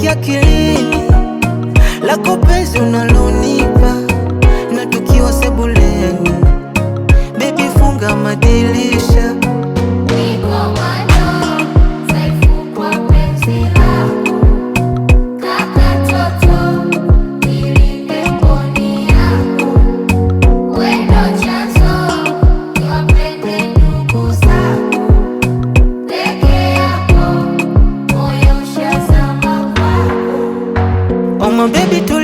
que aquí la copa baby to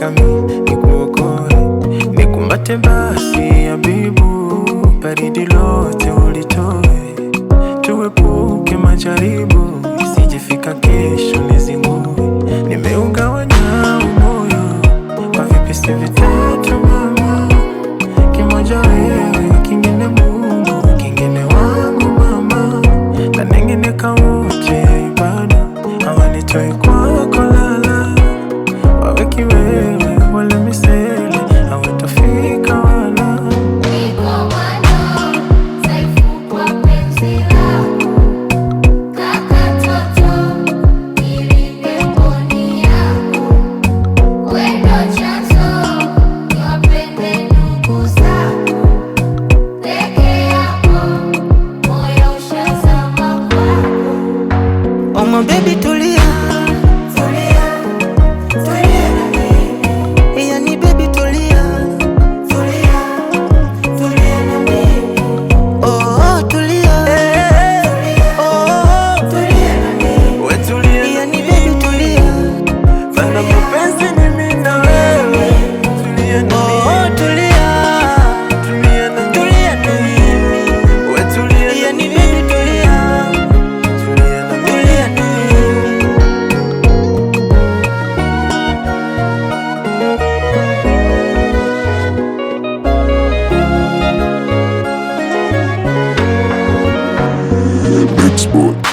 nataka mi nikuokoe, nikumbate basi, ya bibu lo wewe Big